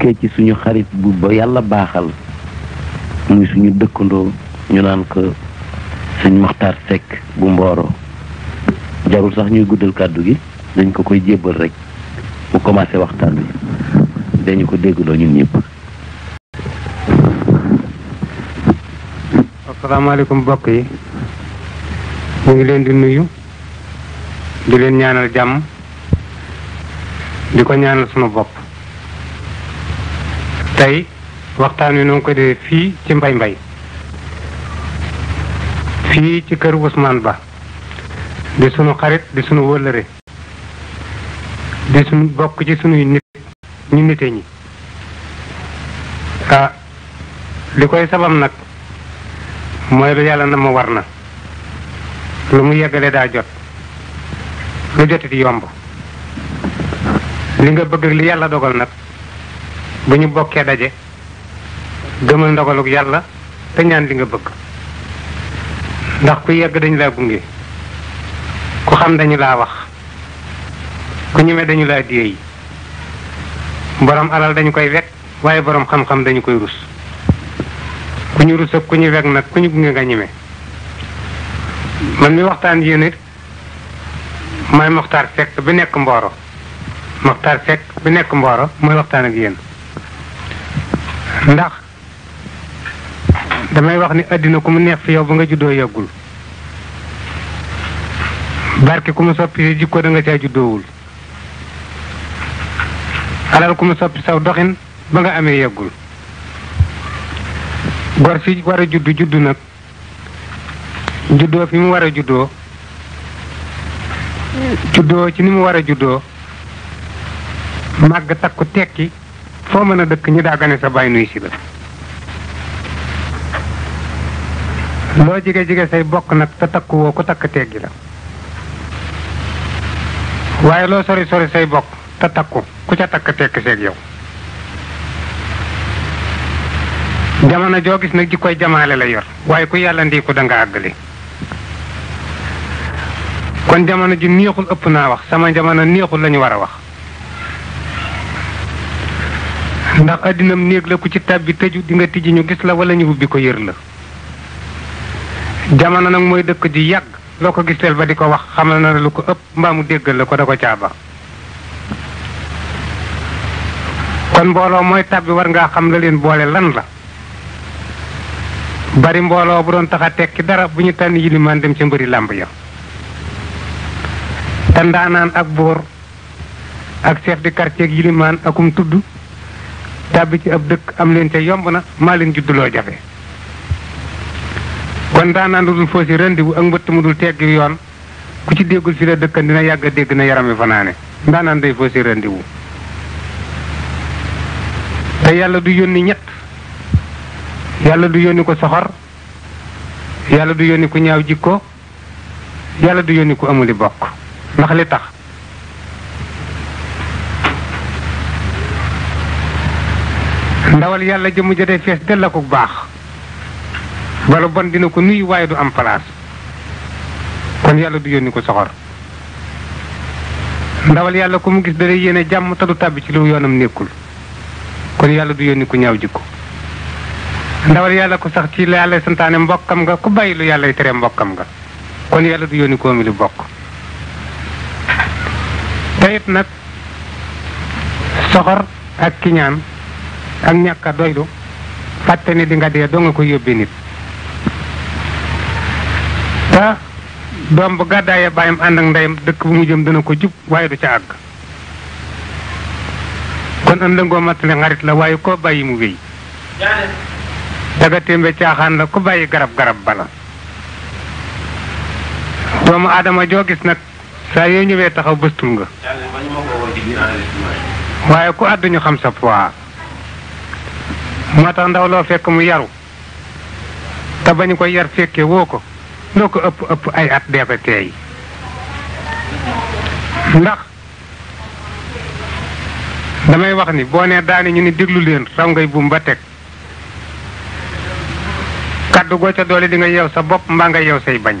tukkee ci suñu xarit bu ba yàlla baaxal muy suñu dëkkandoo ñu naan ko sëñ Maxtaar Seck bu Mboro jarul sax ñuy guddal kàddu gi dañ ko koy jébbal rek mu commencé waxtaan wi dañu ko déggloo ñun ñëpp. asalaamaaleykum mbokk yi ñu ngi leen di nuyu di leen ñaanal jàmm di ko ñaanal sunu bopp. tey waxtaan wi noo ko defee fii ci mbay mbay fii ci kër Ousmane Ba di sunu xarit di sunu wëllëre di sunu bokk ci sunuy nit ñu nite ñi ah li koy sabam nag mooy lu yàlla na ma war na lu mu yeggale daa jot lu jotiti yomb li nga bëgg li yàlla dogal nag bu ñu bokkee daje gëmal ndogaluk yàlla te ñaan li nga bëgg ndax ku yegg dañu laa gunge ku xam dañu laa wax ku ñemee dañu laa diyeey boroom alal dañu koy wekk waaye borom xam-xam dañu koy rus ku ñu rus ak ku ñu wekk nag ku ñu gunge nga ñeme man mi waxtaan yéen it mooy Moxtaar Seck bi nekk Mboro Moxtaar Seck bu nekk Mboro mooy waxtaan ak yéen. ndax damay wax ni àddina ku mu neex fi yow ba nga juddoo yàggul barke ku mu soppi si jikko da nga juddoowul alal ku mu soppi saw doxin ba nga amee yàggul gor si war a juddu juddu nag juddoo fi mu war a juddoo juddoo ci ni mu war a juddoo màgg takku tekki foo mën a dëkk ñi daa sa baay nuy si la loo jige jige say bokk nag te takku woo ku takk teggi la waaye loo sori sori say bokk te takku ku ca takk tekk seeg yow jamono joo gis nag ji koy jamaale la yor waaye ku yàlla ndiiku da nga àggali kon jamono ji neexul ëpp naa wax sama jamono neexul lañu war a wax ndax addinam néeg la ku ci tàbbi tëju di nga tijji ñu gis la wala ñu ubbi ko yér la jamono nag mooy dëkk ji yàgg loo ko giseel ba di ko wax xamal na lu ko ëpp mbaamu déggal la ko da ko caaba kon mbooloo mooy tàbbi war ngaa xam la leen boole lan la bari mbooloo bu doon taxa a tekki dara bu ñu tànn yilimaan dem ca mbëri làmb ya te ndaanaan ak boor ak chef de quartier ak yilimaan akum tudd tàbbi ci ab dëkk am leen ca yomb na maa leen judduloo jafe kon daanaan lu dul foosi si rendi ak mbëtt mu dul tegg yoon ku ci déggul fi la dëkkan dina yàgg dégg na yaram yarami fanaane ndaanaan day foo si rendi te yàlla du yónni ñett yàlla du yónni ko soxor yàlla du yónni ku ñaaw jikko yàlla du yónni ku amuli bokk ndax li tax ndawal yàlla jëmu jotee fees dell ko baax wala bon dina ko nuyu waaye du am place kon yàlla du yónni ko soxor ndawal yàlla ku mu gis da lay yéene jàmm te du tàbbi ci lu yoonam nekkul kon yàlla du yónni ku ñaaw jikko ndawal yàlla ko sax ci yàlla santaane mbokkam nga ku bàyyi lu yàlla tere mbokkam nga kon yàlla du yónni koomi lu bokk tayit nag soxor ak kiñaan ak ñàkk a doylu fàtte ne di nga dee doo nga ko yóbbee nit te doom bu gàddaayee bàyyam ànd ak ndeyam dëkk bu mu jëm dana ko jub waaye du ca àgg kon am dëngoo mattale xarit la waaye koo bàyyi mu wéy daga témbe caaxaan la ku bàyyi garab garab bala doomu aadama joo gis nag saa yoo ñëwee taxaw bëstul nga waaye ku àdduñu xam sa poids moo tax ndaw loo fekk mu yaru te bañu ko yar fekke woo ko loo ko ëpp ëpp ay at dee ko teey ndax damay wax ni boo nee daani ñu ni déglu leen raw ngay buum ba teg kàddu goo ca doole di nga yeew sa bopp mbaa nga yeew say bañ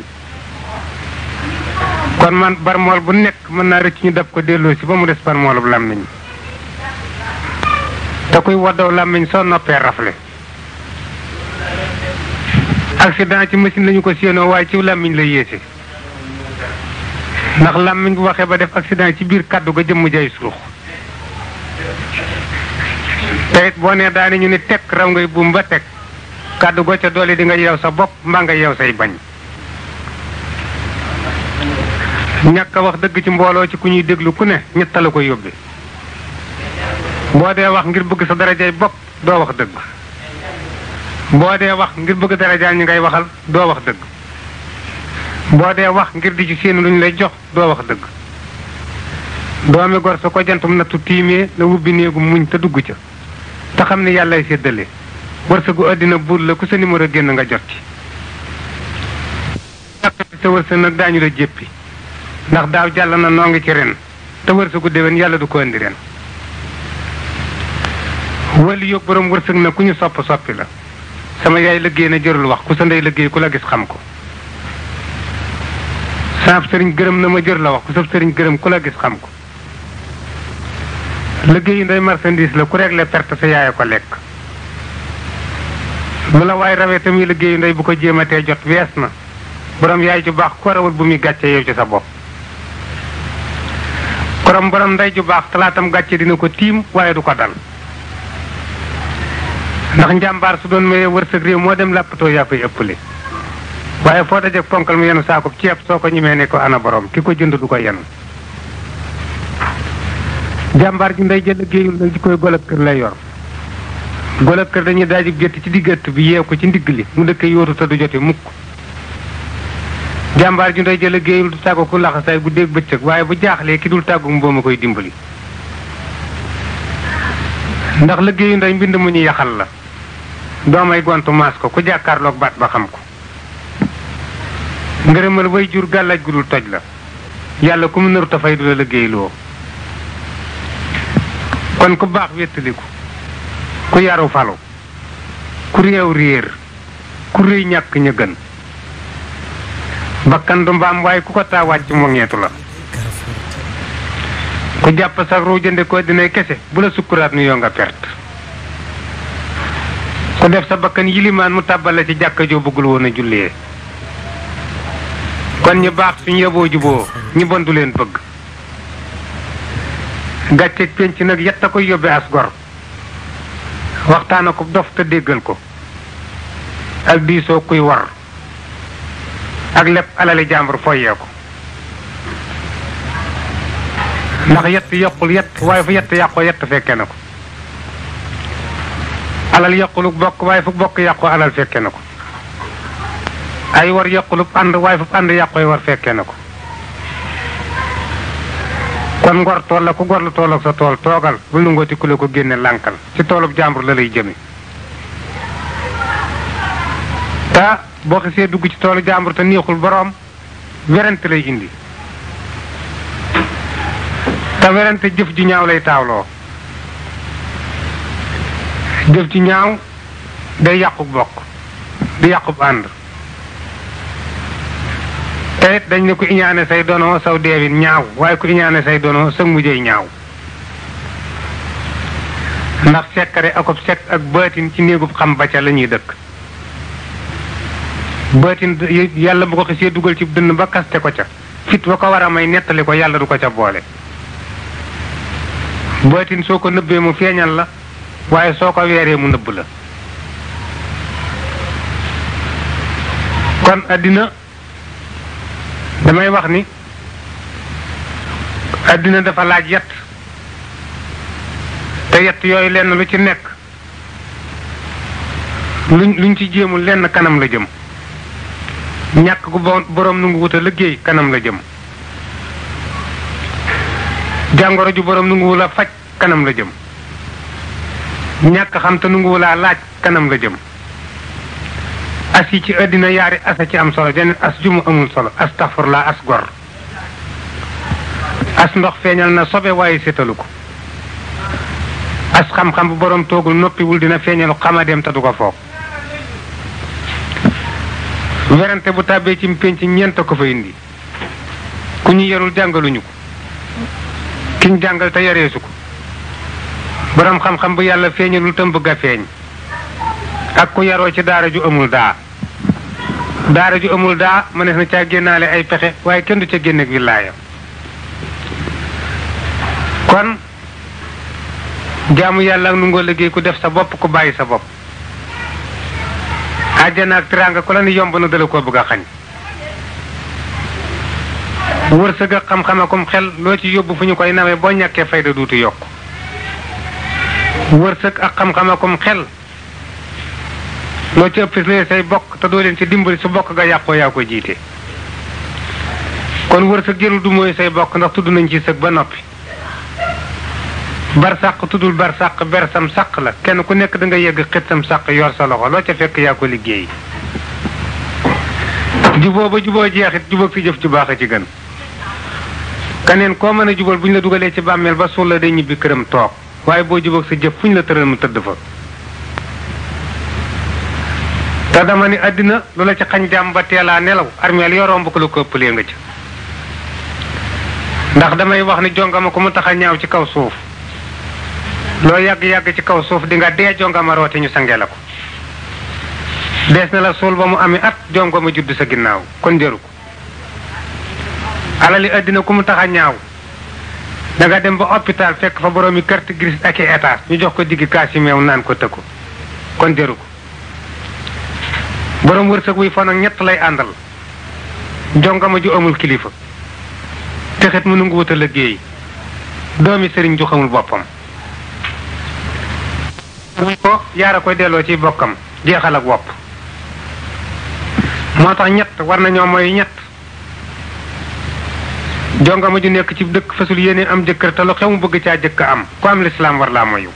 kon man barmool bu nekk mën naa rëcc ñu dab ko delloo si ba mu des barmoolub làmmiñ te kuy waddaw làmmiñ soo noppee rafle accident ci machine lañu ko séenoo waaye ci làmmiñ la yéese ndax làmmiñ bu waxee ba def accident ci biir kàddu ga jëmm jay suux te boo nee daane ñu ni teg raw ngay buum ba teg kàddu go ca doole di nga yeew sa bopp mbaa nga yeew say bañ ñàkk a wax dëgg ci mbooloo ci ku ñuy déglu ku ne ñett la ko yóbbe boo dee wax ngir bëgg sa darajay bopp doo wax dëgg boo dee wax ngir bëgg darajaa ñi ngay waxal doo wax dëgg boo dee wax ngir di ci seen lu ñu lay jox doo wax dëgg doomi gor su ko jantum nattu tiimee la wubbi néegu muñ te dugg ca te xam ne yàllay séddale wërsëgu àddina buur la ku sa numéro génn nga jot ci sa wërsëg nag daañu la jéppi ndax daaw jàll na noo ngi ci ren te wërsëgu déwén yàlla du ko indi ren wali yoog borom wërsëg na ku ñu sopp soppi la sama yaay liggéey na jërul wax ku sa ndey liggéey ku la gis xam ko saab sëriñ gërëm na ma jër la wax ku sab sëriñ gërëm ku la gis xam ko liggéeyu ndey marchandise la ku réglé perte sa yaay ko lekk lu la waaye rawee tamit liggéeyu ndey bu ko jéematee jot wees na borom yaay ju baax ko rawul bu muy gàcce yow ci sa bopp korom borom ndey ju baax talaatam gàcce dina ko tiim waaye du ko dal ndax njàmbaar su doon mayee wërsëg réew moo dem làppatoo yaa koy ëppale waaye foo dajeg ponkal mu yenu saako ceeb soo ko ñimee ne ko ana borom ki ko jënd du ko yenu jàmbaar ji ndey jël géeyul nag ji koy golab kër lay yor golab kër dañuy daaju gétt ci diggante bi yeew ko ci ndigg li mu dëkk yóotu te du jote mukk jàmbaar ju ndey jël géeyul du tàggu ku laxasaay bu dégg bëccëg waaye bu jaaxlee ki dul tàggu mu koy dimbali ndax liggéeyu ndey mbind mu ñu yaxal la doomay gontu maas ko ku jàkkaarloog baat ba xam ko ngërëmal way jur gàllaaj gudul toj la yàlla ku mu nëru tafay du la liggéey kon ku baax wéttaliku ku yaru falu ku réew réer ku réy ñàkk ña gën bakkan mbaam waaye ku ko taa wàcc mu la ku jàpp sa ruu jënde ko addinay kese bu la sukkuraat nu yoo perte ku def sa bakkan yilimaan mu tàbbale ci jàkka joo bëggul woon a jullee kon ñu baax suñu yeboo juboo ñu bon leen bëgg gàcceeg penc nag yett a koy yóbbe as gor waxtaana ko dof te déggal ko ak diisoo kuy war ak lépp alali jàmbur foyee ko ndax yett yokkul yett waaye fu yett yàqoo yett fekke na ko alal yokkulu bokk waaye fu bokk yàqoo alal fekke na ko ay war yokkulu ànd waaye fu ànd yàqooy war fekke na ko kon ngor tool la ku ngor lu tool ak sa tool toogal bu lu ngooti la ko génne lànkal ci toolub jàmbur la lay jëme te boo xisee dugg ci toolu jàmbur te neexul boroom werante lay indi te werante jëf ju ñaaw lay taawloo jëf ju ñaaw day yàqu bokk di yàqu ànd te it dañ ne ku iñaane say dono saw deewin ñaaw waaye ko iñaane say dono sa mujjee ñaaw ndax sekkare ako sekk ak baatin ci néegub xam ba ca la ñuy dëkk baatin yàlla bu ko xisee dugal ci dënn ba kaste ko ca fit wa ko war a may nettali ko yàlla du ko ca boole baatin soo ko nëbbee mu feeñal la waaye soo ko weeree mu nëbb la kon àddina damay wax ni àddina dafa laaj yett te yett yooyu lenn lu ci nekk luñ luñ ci jéemul lenn kanam la jëm ñàkk gu boroom nu ngi wut liggéey kanam la jëm jàngoro ju borom nanguwul a faj kanam la jëm ñàkk xam te nanguwul a laaj kanam la jëm as yi ci dina yaari asa ci am solo jeneen as ju amul solo as tafur la as gor as ndox feeñal na sobe waaye sétalu ko as xam-xam bu borom toogul noppiwul dina feeñal xamadeem te du ko foog werante bu tàbbee ci pénc ñeent ko fa indi ku ñu yarul jàngaluñu ko kiñ jàngal te yareesu ko boroom xam-xam bu yàlla feeñalul tam bëgg a feeñ ak ku yaroo ci daara ju amul daa daara ju amul daa mënees na caa génnaale ay pexe waaye kenn du ca génn gi willaayam kon jaamu yàlla ak nu nga liggéey ku def sa bopp ku bàyyi sa bopp àjjana ak tiraanga ku la ni yomb na dala koo bëgg a xañ wërsëg ak xam-xam akum xel loo ci yóbbu fu ñu koy nawee boo ñàkkee fayda duutu yokk wërsëg ak xam-xam akum xel loo ci ëpp fis say bokk te doo leen ci dimbali su bokk ga yàqoo yaa ko jiite kon wërsëg jërul du mooy say bokk ndax tudd nañ ci sëg ba noppi bar sàq tuddul bar sàq ber sam sàq la kenn ku nekk da yegg xit sam sàq yor sa loxo loo ca fekk yaa ko liggéey juboo ba juboo jeexit jubóog si jëf ju baax a ci gën keneen koo mën a jubal bu ñu la dugalee ci bàmmeel ba suul la day ñibbi këram toog waaye boo jubóog sa jëf fu ñu la tëral mu tëdd fa. te dama ne àddina lu la ci xañ jàmm ba teelaa nelaw armeel yoroom bu ko la ko ëpp ëppalee nga ci ndax damay wax ni jongama ko mu tax a ñaaw ci kaw suuf loo yàgg-yàgg ci kaw suuf di nga dee jongama roote ñu sangee la ko dees na la suul ba mu amee at jongama judd sa ginnaaw kon jëru ko alali àddina ku mu tax a ñaaw danga dem ba hôpital fekk fa boroomi carte grise ak i étage ñu jox ko diggi kaasi naan ko tëkku kon jëru ko boroom wërsëg wuy fan ak ñett lay àndal jongama ju amul kilifa texit mënu ngi wutal liggéey doomi sëriñ ju xamul boppam ko yaara koy delloo ci bokkam jeexal ak wopp moo tax ñett war nañoo mooy ñett jongama ju nekk cib dëkk fasul yéeneen am jëkkër te lu xew mu bëgg caa jëkk am ku am lislaam war laa mayu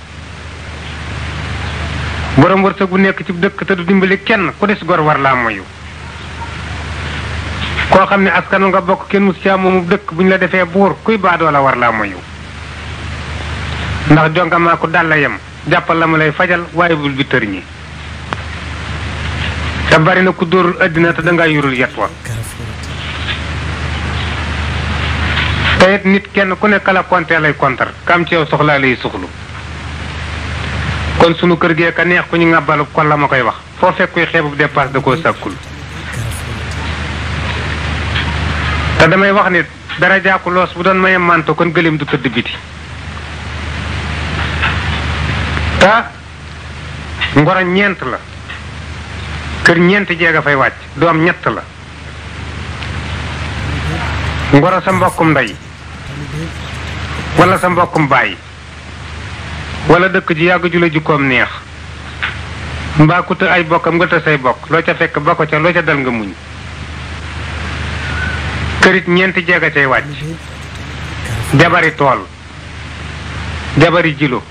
borom wërsëg bu nekk cib dëkk te du dimbali kenn ku des gor war laa mayu koo xam ne askanu nga bokk kenn mus caa moomu dëkk bu ñu la defee buur kuy baadoo war laa mayu ndax jongamaa ku dàlla yem jàppal la ma lay fajal waaye bul bi ñi te bari na ku dóorul àddina te danga yurul yet wa te nit kenn ku nekk la lay kontar kam ci yow sunu kër gee ka neex ku ñu ngàbbalu kon la ma koy wax foo fekk kuy xeebub dépasse koo sàkkul te damay wax ni dara jàkku loos bu doon mayem manto kon gëléem du tëdd biti te ngoro ñeent la kër ñeent jeeg a fay wàcc doom ñett la ngoro sa mbokkum ndey wala sa mbokkum bàyyi wala dëkk ji yàgg ju la jikkoom neex mbaa ku ay bokkam nga të say bokk loo ca fekk bokk ca loo ca dal nga muñ kërit ñeenti jeega cay wàcc jabari tool jabar yi jilo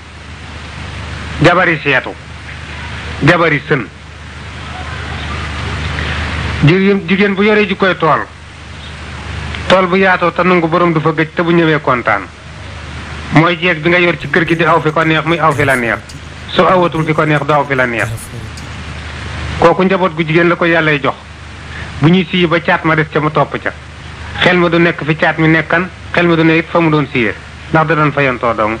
jabari seetu jabar yi sën jigéen bu yore ji koy tool tool bu yaatoo te nangu borom du fa gëj te bu ñëwee kontaan mooy jeeg bi nga yor ci kër gi di aw fi ko neex muy aw fi la neex su awatul fi ko neex du aw fi la neex kooku njaboot gu jigéen la ko yàllay jox bu ñuy siyi ba caat ma des ca ma topp ca xel ma du nekk fi caat mi nekkan xel ma du ne fa mu doon siyee ndax da doon fayantoo dong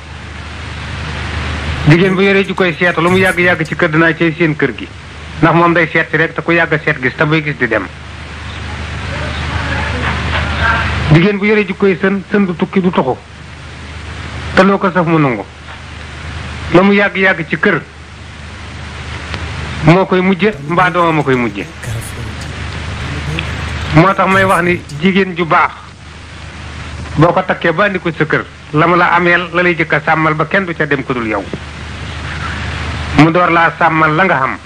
jigéen bu yoree ji koy seet lu mu yàgg-yàgg ci kër dinaa cay seen kër gi ndax moom day seet si rek te ku yàgg seet gis te bay gis di dem jigéen bu yoree ji koy sën sën du tukki te loo ko saf mu nangu la mu yàgg-yàgg ci kër moo koy mujje mbaa dooma ma koy mujje moo tax may wax ni jigéen ju baax boo ko takkee ba andi ko sa kër la mu la ameel la lay jëkka sàmmal ba kenn du ca dem ku dul yow mu door laa sàmmal la nga xam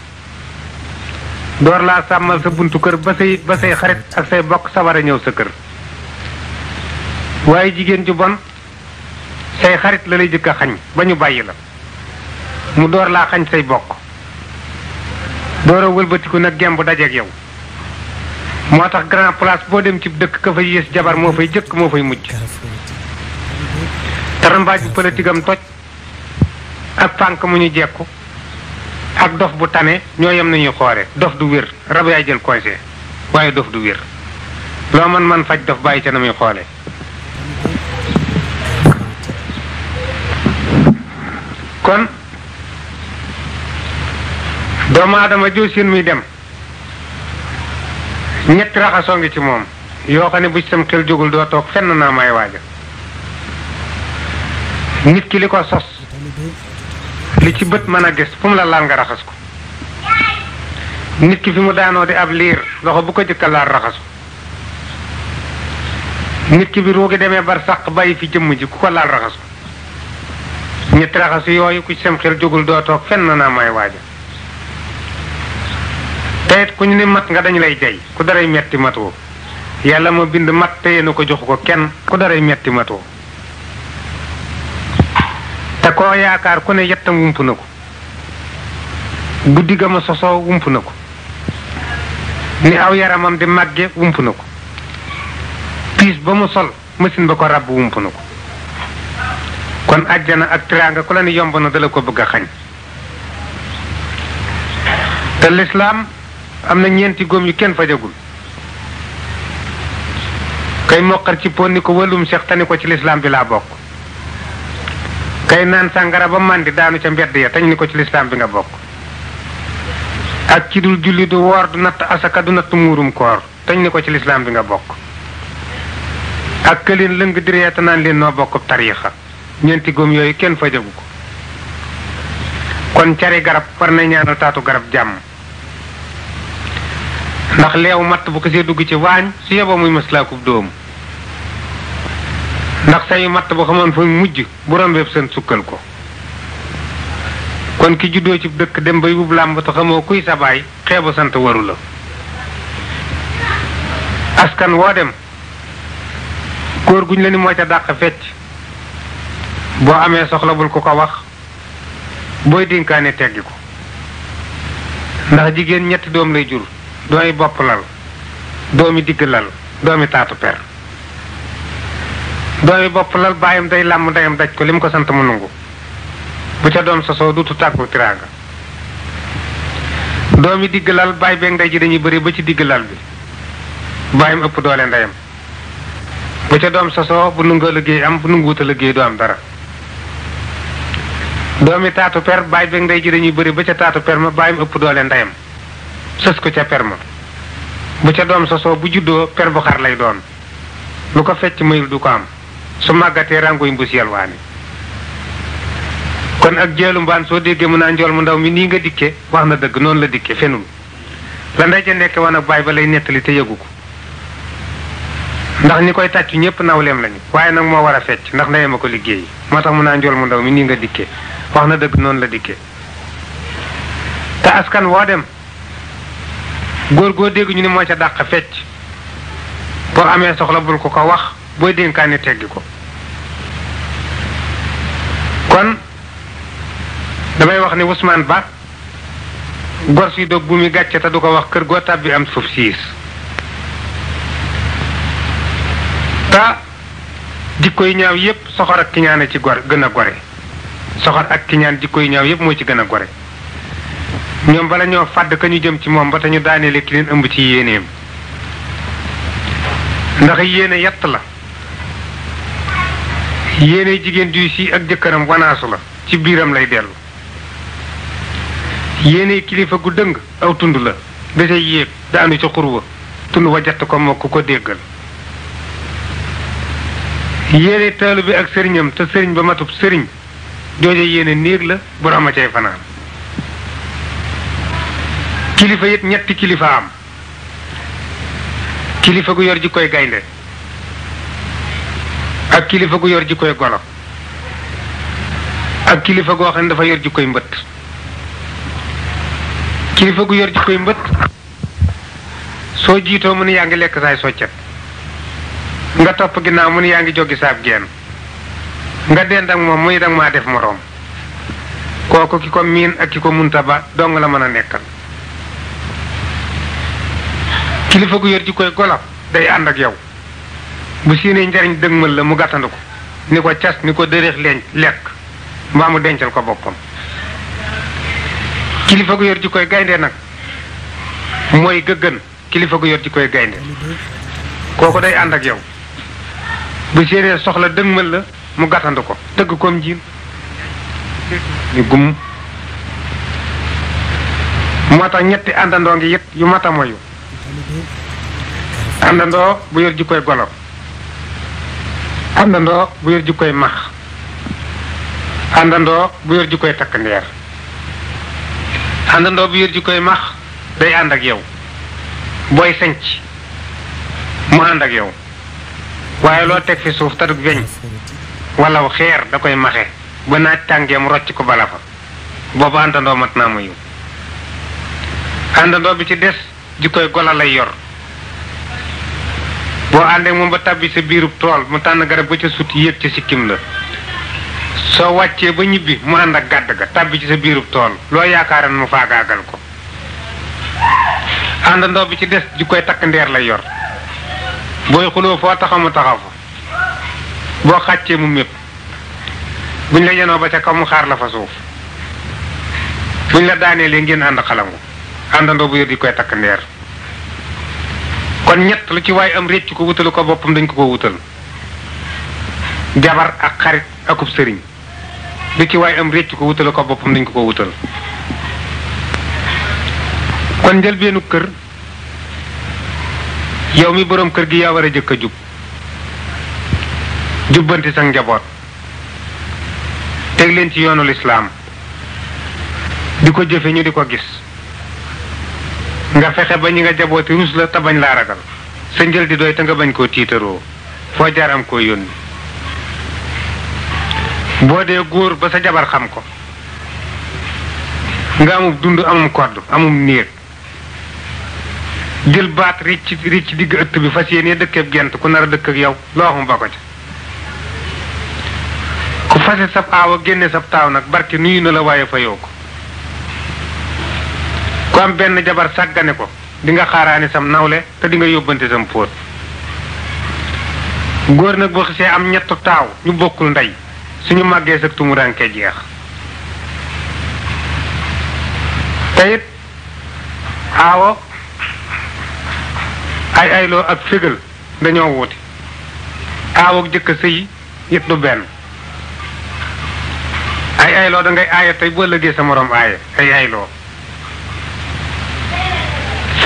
door laa sàmmal sa buntu kër ba say ba say xarit ak say bokk a ñëw sa kër waaye jigéen ju bon say xarit la lay jëkk a xañ ba ñu bàyyi la mu door laa xañ say bokk door a wëlbatiku nag gemb dajeeg yow moo tax grand place boo dem ci dëkk ka fa yées jabar moo fay jëkk moo fay mujj tarambaaj bu politique am toj ak pànk mu ñu jekku ak dof bu tane ñoo yem nañuy xoole dof du wér rab yaay jël conseil waaye dof du wér loo man man faj dof bàyyi ca na muy xoole kon doomu aadama joo seen muy dem ñetti raxasoo ngi ci moom yoo xam ne bu ci sam xel jógul doo toog fenn naa may waaja nit ki li ko sos li ci bët mën a gis fu mu la laal nga raxas ko nit ki fi mu daanoo di ab liir loxo bu ko jëkka laal raxasu nit ki bi ruugi demee ba saq bàyyi fi jëmm ji ku ko laal raxasu ñett raxasu yooyu ku ci sam xel jógul doo toog fenn naa mooy waaja te ku ñu ne mat nga dañu lay jay ku daray metti matoo yàlla moo bind mat te yéen ko joxu ko kenn ku daray metti matoo te koo yaakaar ku ne yettam wump na ko guddi ga ma sosoo wump na ko ni aw yaramam di màgge wump na ko piis ba mu sol machine ba ko ràbb wump na ko kon àjjana ak tiraanga ku la ni yomb na dala ko bëgg xañ te lislaam am na ñeenti góom yu kenn fajagul kay moqar ci po ni ko wëllum seex tani ko ci lislaam bi laa bokk kay naan sàngara ba màndi daanu ca mbedd ya tañ ni ko ci lislaam bi nga bokk ak ci dul julli du woor du natt asaka du natt muurum koor tañ ni ko ci lislaam bi nga bokk ak këlin lëng direeta naan leen noo bokk tariixa ñeenti góom yooyu kenn fajagu ko kon cari garab war na ñaanal taatu garab jàmm ndax leew matt bu ko see dugg ci waañ su yeboo muy maslaakub dóomu ndax sayu matt bu xamoon fa mujj bu rombeeb seen sukkal ko kon ki juddoo ci dëkk dem ba yub làmb te xamoo kuy sa baay xeebu sant waru la askan woo dem góor guñ la ni moo ca dàq fecc boo amee soxla bul ku ko wax booy dénkaane teggi ko ndax jigéen ñetti doom lay jur doomi bopp lal doomi digg lal doomi taatu per doomi bopp lal baayam day làmm ndeyam daj ko li mu ko sant mu nungu bu ca doom sosoo dutu tàggu tiraanga doomi digg lal baay beeg ndey ji dañuy bëri ba ci digg lal bi baayam ëpp doole ndeyam bu ca doom sosoo bu nungoo liggéey am bu nunguuta liggéey doom dara doomi taatu per baay beeg ndey ji dañuy bari ba ca taatu per ma baayam ëpp doole ndeyam sës ko ca per ma bu ca doom sosoo bu juddoo per bu xar lay doon lu ko fecc mayul du ko am su màggatee rangoy mbus yelwaani kon ak jéelu mbaan soo déggee mu naa njool mu ndaw mi nii nga dikke wax na dëgg noonu la dikke fenul la ndey ja nekk woon ak baay ba lay nettali te yëgu ko ndax ñi koy tàccu ñépp nawleem lañu waaye nag moo war a fecc ndax ndeyam a ko liggéey moo tax mu naa njool mu ndaw mi nii nga dikke wax na dëgg noonu la digge te askan woo dem góor goo dégg ñu ne mooy ca dàq fecc boo amee soxla bul ko ko wax booy dénkaane tegg ko kon damay wax ni Ousmane Ba gor si dog bu muy gàcce te du ko wax kër goo tàbbi am suuf siis te jikko yi ñaaw yépp soxor ak ki ci gor gën a gore soxor ak kiñaan jikko yu ñaaw yépp moo ci gën a gore ñoom bala ñoo fàdd ka jëm ci moom ba te ñu daaneele ki leen ëmb ci yéeneem ndax yéene yett la yéene jigéen juy sii ak jëkkëram wanaasu la ci biiram lay dellu yéene kilifa gu dëng aw tund la dese yéeg daanu ca xurwa tund wa jatt ko moo ku ko déggal yéene taalu bi ak sëriñam te sëriñ ba matub sëriñ jooja yéene néeg la borom a cay fanaan kilifa it ñetti kilifa am kilifa gu yor ji koy gaynde ak kilifa gu yor ji koy golo ak kilifa goo xam ne dafa yor ji koy mbëtt kilifa gu yor ji koy mbëtt soo jiitoo mën yaa ngi lekk saay soccet nga topp ginnaaw mu yaa ngi joggi saab geen nga dend ak moom muy danga maa def moroom kooku ki ko miin ak ki ko munta ba dong la mën a nekkal kilifa gu yor ci koy golab day ànd ak yow bu siinee njariñ dëgmal la mu gàttandu ko ni ko cas lekk mbaa dencal ko boppam kilifa gu ci koy gaynde nag mooy gëggën kilifa gu yor ci koy gaynde kooku day ànd ak yow soxla dëgmal la mu gàttandu ko tëgg koom jiin ñu gumm moo tax ñetti àndandoo ngi it yu mata moyu àndandoo bu yor koy golo àndandoo bu yor koy max àndandoo bu yor koy takk ndeer àndandoo bu yor koy max day ànd ak yow booy senc mu ànd ak yow waaye loo teg fi suuf tadug weñ walaw xeer da koy maxe ba naaj tàngee mu rocc ko bala fa boobu àndandoo mat naa ma yiw àndandoo bi ci des ji koy gola lay yor boo àndee moom ba tàbbi sa biirub tool mu tànn garab ba ca sut yéeg ca sikkim la soo wàccee ba ñibbi mu ànd ak gàdd ga tàbbi ci sa biirub tool loo yaakaaran mu faagaagal ko àndandoo bi ci des ji koy takk ndeer lay yor booy xuloo foo taxaw mu taxaw fa boo xàccee mu mépp buñ la yenoo ba ca kaw mu xaar la fa suuf buñ la daaneelee ngeen ànd xalangu àndandoo bu yor di koy takk ndeer kon ñett lu ci waay am récc ko wutalu ko boppam dañ ko ko wutal jabar ak xarit akub sëriñ lu ci waaye am récc ko wutalu ko boppam dañ ko wutal kon njëlbeenu kër yow mi boroom kër gi yaa war a jëkk a jub jubbanti sa njaboot teg leen ci yoonu lislaam di ko jëfe ñu di ko gis nga fexe ba ñi nga jabooti ruus la tabañ bañ laa ragal sa njël di doy te nga bañ koo tiitaroo foo jaram koo yónni boo dee góor ba sa jabar xam ko nga amub dund amum kodd amum niir jël baat ricc ricc digg ëtt bi fas yéene dëkkeeb gent ku nar a dëkk ak yow loo xam ba ko ca fase sab aawa génne sab taaw nag barki nuyu na la waaye fayoo ko ku am benn jabar sàggane ko di nga xaaraani sam nawle te di nga yóbbante sam fóot góor nag boo xisee am ñett taaw ñu bokkul ndey suñu màggee sag tumuranke jeex te it aawo ay ayloo ak fégal dañoo wuti aawook jëkk sëy it du benn ay ayloo da ngay aaya tey boo lëggee sa moroom aaya ay ayloo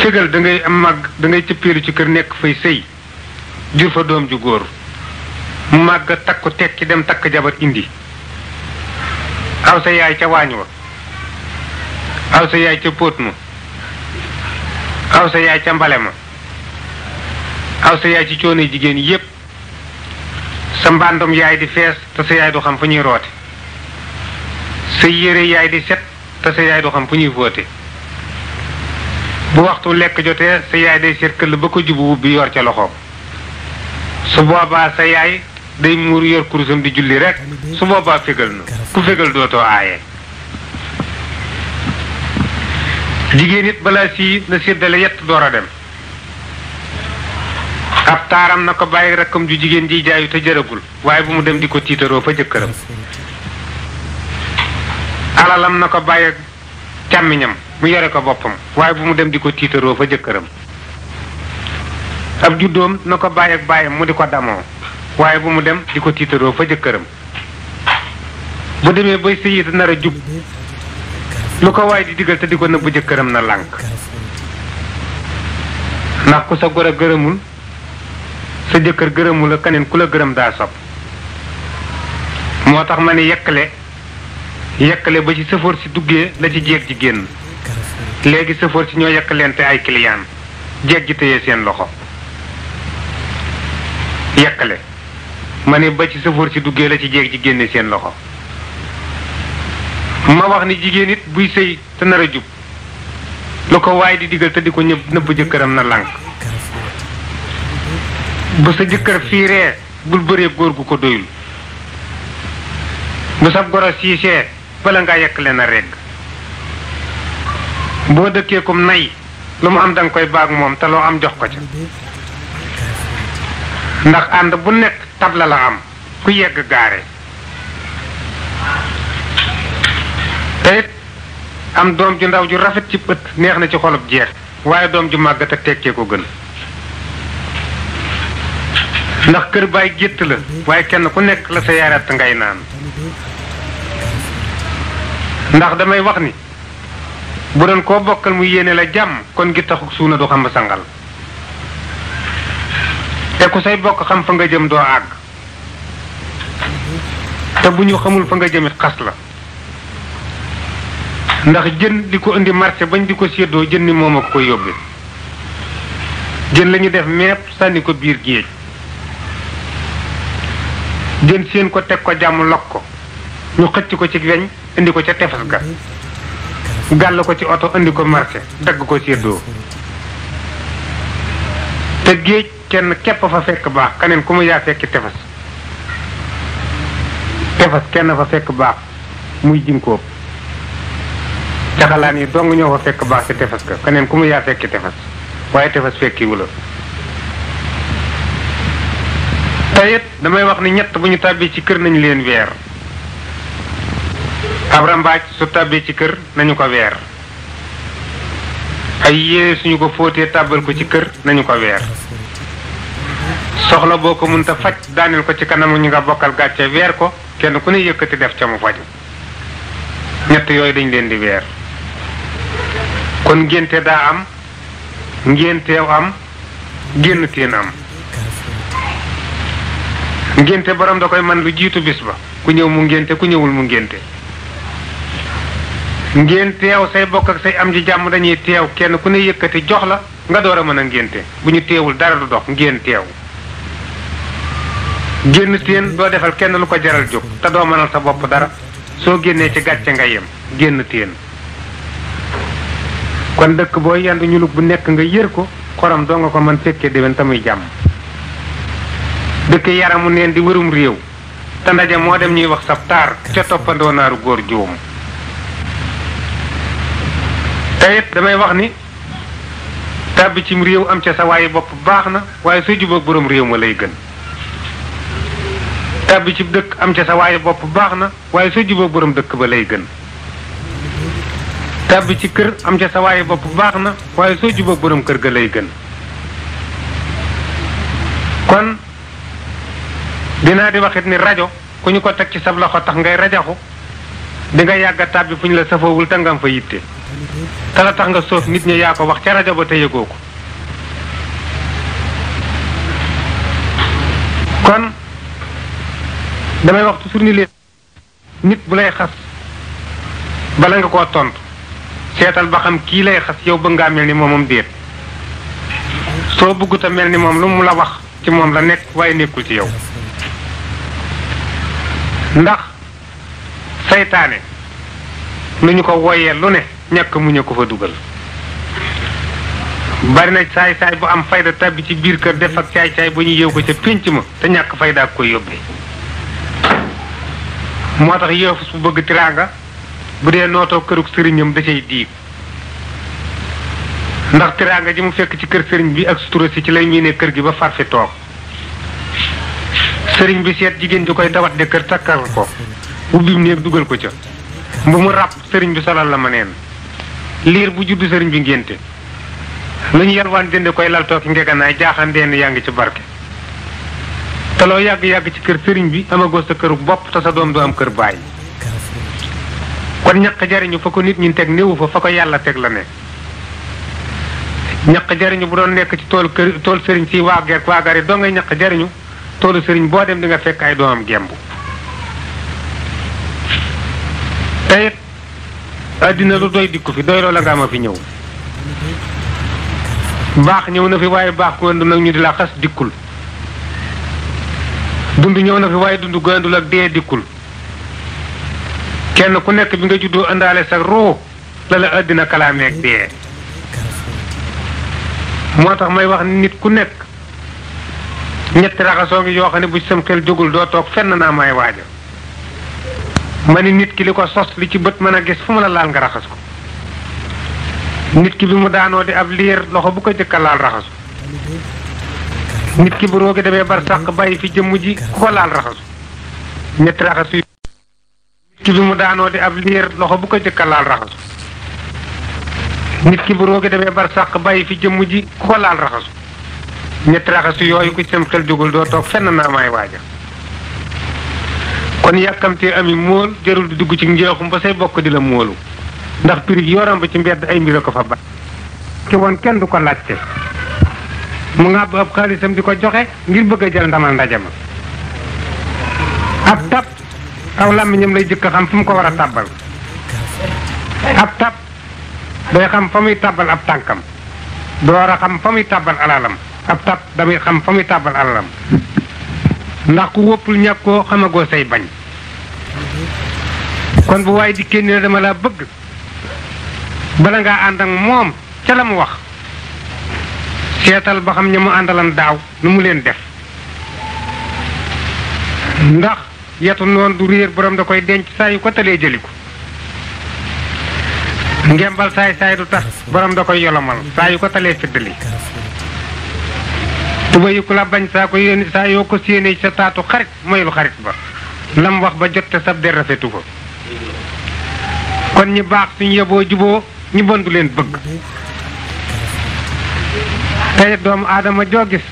fégal da am màgg dangay ngay cëppeelu ci kër nekk fay sëy jur fa doom ju góor màgg takku tekki dem takk jabar indi aw sa yaay ca waañ wa aw sa yaay ca póot ma aw sa yaay ca mbale ma aw sa yaay ci coono jigéen yépp sa mbàndum yaay di fees te sa yaay du xam fu ñuy roote sa yére yaay di set te sa yaay du xam fu ñuy fóote bu waxtu lekk jotee sa yaay day seet këll ba ko jubu bi yor ca loxoom su boobaa sa yaay day muur yor kurusam di julli rek su boobaa fégal na ku fégal dootoo aaye jigéen it balaa sii na seddale yett door a dem ab na ko bàyyi rakkam ju jigéen jiy jaayu te jëragul waaye bu mu dem di ko tiitaroo fa jëkkëram alalam na ko bàyyi càmmiñam mu yore ko boppam waaye bu mu dem di ko tiitaroo fa jëkkëram ab juddoom na ko bàyyi ak bàyyam mu di ko damoo waaye bu mu dem di ko tiitaroo fa jëkkëram bu demee bay sëyi nar a jub lu ko waay di digal te di ko nëbb jëkkëram na lànk ndax ku sa gor a gërëmul sa jëkkër gërëmul a keneen ku la gërëm daa sob moo tax ma ne yekkale yekkale ba ci sëfoor si duggee la ci jeeg ji génn léegi sëfoor si ñoo yekkalente ay kiliyaan jeeg ji téye seen loxo yekkale ma ne ba ci sëfoor si duggee la ci jeeg ji génne seen loxo ma wax ni jigéen it buy sëy te nar a jub lu ko waaye di digal te di ko ñëpp jëkkëram na lànk bu sa jëkkër fiiree bul bëree góor gu ko doyul bu sab goro siisee bala ngaa yekk leen a regg boo dëkkee kum nay lu mu am danga koy baag moom te loo am jox ko ca ndax ànd bu nekk tabla la la am ku yegg gaare te am doom ju ndaw ju rafet ci bët neex na ci xolub jeex waaye doom ju màggat a tekkee ko gën ndax kër baay gétt la waaye kenn ku nekk la sa yarat ngay naan ndax damay wax ni bu doon koo bokkal mu yéene la jàmm kon gi taxu suuna du xam sangal te ku say bokk xam fa nga jëm doo àgg te bu ñu xamul fa nga jëmit xas la ndax jën di ko indi marché bañ di ko séddoo jën ni moom a ko koy yóbbee jën lañu def meep sànni ko biir géej jën seen ko teg ko jàmm lokk ko ñu xëcc ko ci weñ indi ko ca tefes ga gàll ko ci oto indi ko marché dagg ko séddoo te géej kenn képp fa fekk baax keneen ku mu yaa fekki tefes tefes kenn fa fekk baax muy jinkoob caxalaan yi dong ñoo fa fekk baax ci tefes ga keneen ku mu yaa fekki tefes waaye tefes fekki wula te it damay wax ni ñett bu ñu tàbbi ci kër nañu leen weer abra mbaaj su tàbbee ci kër nañu ko weer ay yére suñu ko fóotee tàbbal ko ci kër nañu ko weer soxla boo ko mënta faj daaneel ko ci kanamu ñu nga bokkal gàcce weer ko kenn ku ne yëkkati def ca mu faju ñett yooyu dañ leen di weer kon ngénte daa am ngéntew am génn teen am ngénte borom da koy man lu jiitu bis ba ku ñëw mu ngénte ku ñëwul mu ngénte ngéen teew say bokk ak say am ji jàmm dañuy teew kenn ku ne yëkkati jox la nga door a mën a ngénte bu ñu teewul dara du dox ngeen teew génn teen doo defal kenn lu ko jaral jóg te doo mënal sa bopp dara soo génnee ci gàcce nga yem génn teen kon dëkk boo yendu ñulug bu nekk nga yër ko xorom doo nga ko mën fekkee déwén tamuy jàmm dëkk yaramu neen di wërum réew te ndaje moo dem ñuy wax sa taar ca toppandoo naaru góor juum te damay wax ni tàbbi cim réew am ca sa waaye bopp baax na waaye soo jubóog boroom réew ma lay gën tàbbi cib dëkk am ca sa waaye bopp baax na waaye soo jubóog boroom dëkk ba lay gën tàbbi ci kër am ca sa waaye bopp baax na waaye soo jubóog boroom kër ga lay gën kon dinaa di waxit ni rajo ku ñu ko teg ci sab loxo tax ngay rajaxu di nga yàgg a tàbbi fu ñu la safoowul te nga am fa yitte te la tax nga soof nit ñi yaa ko wax ca rajo ba te yëgoo ko kon damay wax toujours ni nit bu lay xas bala nga koo tontu seetal ba xam kii lay xas yow bëgg ngaa mel ni moomam déet soo bëggut a mel ni moom lu mu la wax ci moom la nekk waaye nekkul ci yow ndax seytaane lu ñu ko woyee lu ne ñàkk mu ñu ko fa dugal bari na saay saay bu am fayda tàbbi ci biir kër def ak caay caay ba ñu yeew ko ca pénc ma te ñàkk fayda ak koy yóbbee moo tax yeefus bu bëgg tiraanga bu dee nootoo kërug sëriñam da cay diig ndax tiraanga ji mu fekk ci kër sëriñ bi ak sutura ci lay ñuy ne kër gi ba far fi toog sëriñ bi seet jigéen ji koy dawat de kër takkal ko ubbi mu néeg dugal ko ca bu mu ràpp sëriñ bi solal la ma neen liir bu juddu sëriñ bi ngénte lu ñu yalwaan jënd koy laltoo ki ngeganaay jaaxaan deen yaa ngi ci barke te loo yàgg-yàgg ci kër sëriñ bi amagoo sa këru bopp te sa doom du am kër bàyyi kon ñaq jariñu fa ko nit ñi teg néewu fa fa ko yàlla teg la ne ñaq jariñu bu doon nekk ci tool sëriñ si waageer waagar yi doo ngay ñaq jariñu toolu sëriñ boo dem di nga fekk ay doomam gembu teyit àddina lu doy dikku fi doy loo la nga ma fi ñëw baax ñëw na fi waaye baax ku àndul nag ñu di la xas dikkul dund ñëw na fi waaye dund gu àndul ak dee dikkul kenn ku nekk bi nga juddoo indaale sa ruu la la àddina kalaameeg dee moo tax may wax nit ku nekk ñetti raxasoo ngi yoo xam ne bu ci sam xel jógul doo toog fenn naa may waaja ma ni nit ki li ko sos li ci bët mën a gis fu mu la laal nga raxas ko nit ki bi mu daanoo di ab liir loxo bu ko jëkka laal raxasu nit ki bu roogi demee bar sàq bàyyi fi jëmm ji ku ko laal raxasu ñett raxasu nit ki mu daanoo ab liir loxo bu ko jëkka laal raxasu nit ki bu roogi demee bar sàq bàyyi fi jëmm ji ko laal raxasu ñett yooyu ku ci sam xel dugul doo toog fenn naa maay waaja kon yàkkamtee ami mool jarul di dugg ci njeexum ba say bokk di la moolu ndax prix yoram ba ci mbedd ay mbir a ko fa ba ki kenn du ko laajte mu ngàbb ab xaalisam di ko joxe ngir bëgg a jël ndamal ndaje ma ab tab aw làmmiñam lay jëkk xam fu mu ko war a tàbbal ab tab day xam fa muy tàbbal ab tànkam door a xam fa muy tàbbal alalam ab tab damay xam fa muy tàbbal alalam ndax ku wóppul ñàkkoo xamagoo say bañ kon bu waaye di kenn ne dama la bëgg bala ngaa ànd ak moom ca la mu wax seetal ba xam ña mu àndalan daaw nu mu leen def ndax yetu noon du réer borom da koy denc saa yu ko talee jëli ko ngembal saay saay du tax borom da koy yolomal saa yu ko talee fiddali tubayu ku la bañ saa ko yéen saa yoo ko ci sa taatu xarit moyul xarit ba lam wax ba jot te sab der rafetu ko kon ñi baax suñu yeboo juboo ñi bon leen bëgg tey doomu aadama joo gis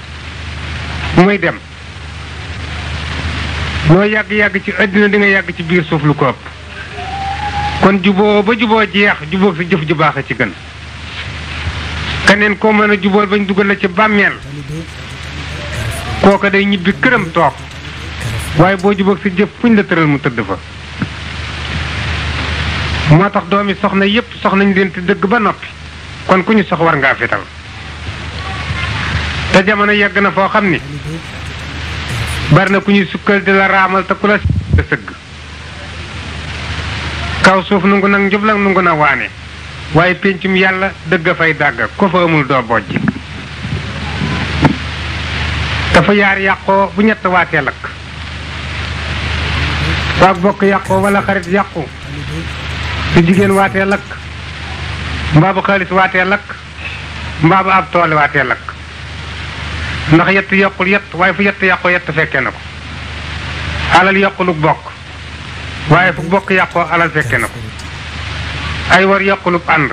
muy dem loo yàgg-yàgg ci àddina di nga yàgg ci biir suuf lu ko ëpp kon juboo ba juboo jeex jubóog sa jëf ju baax a ci gën keneen koo mën a jubool bañ dugal la ci bàmmeel kooka day ñibbi këram toog waaye boo jubóog sa jëf fuñ la tëral mu tëdd fa moo tax doomi soxna yépp soxnañ leen te dëgg ba noppi kon ku ñu sox war ngaa fital te jamono yegg na foo xam ni bari na ku ñuy sukkal di la raamal te ku la sëgg kaw suuf nungu nag njublang nungu na waane waaye péncum yàlla dëgg a fay dàgg ko fa amul doo bojj dafa yaar yàqoo bu ñett waatee lakk waag bokk yàqoo wala xarit yàqu su jigéen waatee lakk mbaabu xaalis waatee lakk mbaabu ab tool waatee lakk ndax yett yokkul yett waaye fu yett yàqoo yett fekke na ko alal yokkuluk bokk waaye fu bokk yàqoo alal fekke na ko ay war yokkuluk ànd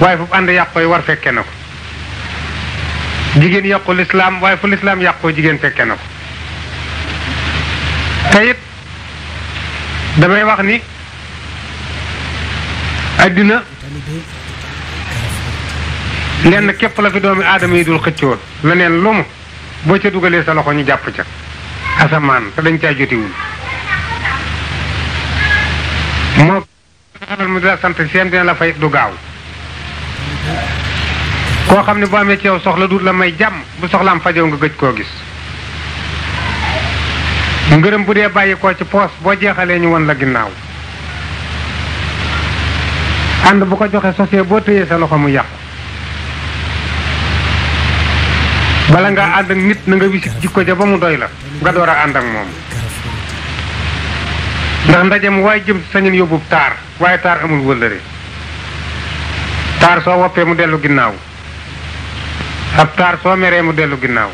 waaye fu ànd yàqoo yi war fekke na ko jigéen yàqu lislaam waaye fu lislaam yàqoo jigéen fekke na ko te damay wax ni àddina lenn képp la fi doomi aadama yi dul xëccoon leneen lu mu boo ca dugalee sa loxo ñu jàpp ca asamaan te dañ caa jotiwul moo xamal mu di la sant seen dina la fay du gaaw koo xam ne boo amee ci soxla duut la may jàmm bu soxlaam fajoo nga gëj koo gis ngërëm bu dee bàyyi koo ci poos boo jeexalee ñu won la ginnaaw ànd bu ko joxe sosee boo téyee sa loxo mu yàqu bala nga ànd ak nit na nga wisit jikko ja ba mu doy la nga door a ànd ak moom ndax ndajem waaye jëm sañul yóbbu taar waaye taar amul wëllëre taar soo woppee mu dellu ginnaaw ab taar soo meree mu dellu ginnaaw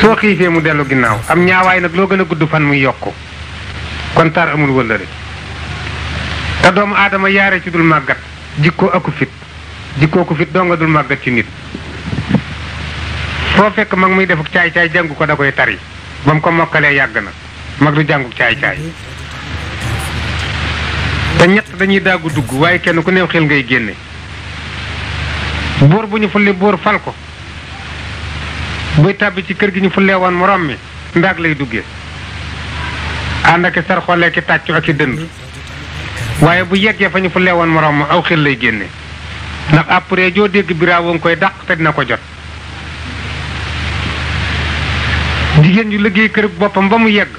soo xiifee mu dellu ginnaaw am ñaawaay nag loo gën a gudd fan muy yokk kon taar amul wëllëre te doomu aadama yaare ci dul màggat jikkoo aku fit jikkoo ku fit doo nga dul màggat ci nit foo fekk mag muy defuk caay caay jàngu ko da koy tari ba mu ko mokkalee yàgg na mag du jànguk caay caay te ñett dañuy daagu dugg waaye kenn ku neew xel ngay génne buur bu ñu fulli buur fal ko buy tàbbi ci kër gi ñu fullee woon morom mi ndaag lay dugge ànd ak sar xoolee ki tàccu ak i dënd waaye bu yeggee fa ñu fullee woon morom ma aw xel lay génne ndax après joo dégg biraawo nga koy daq te dina ko jot jigéen ju liggéey kër boppam ba mu yegg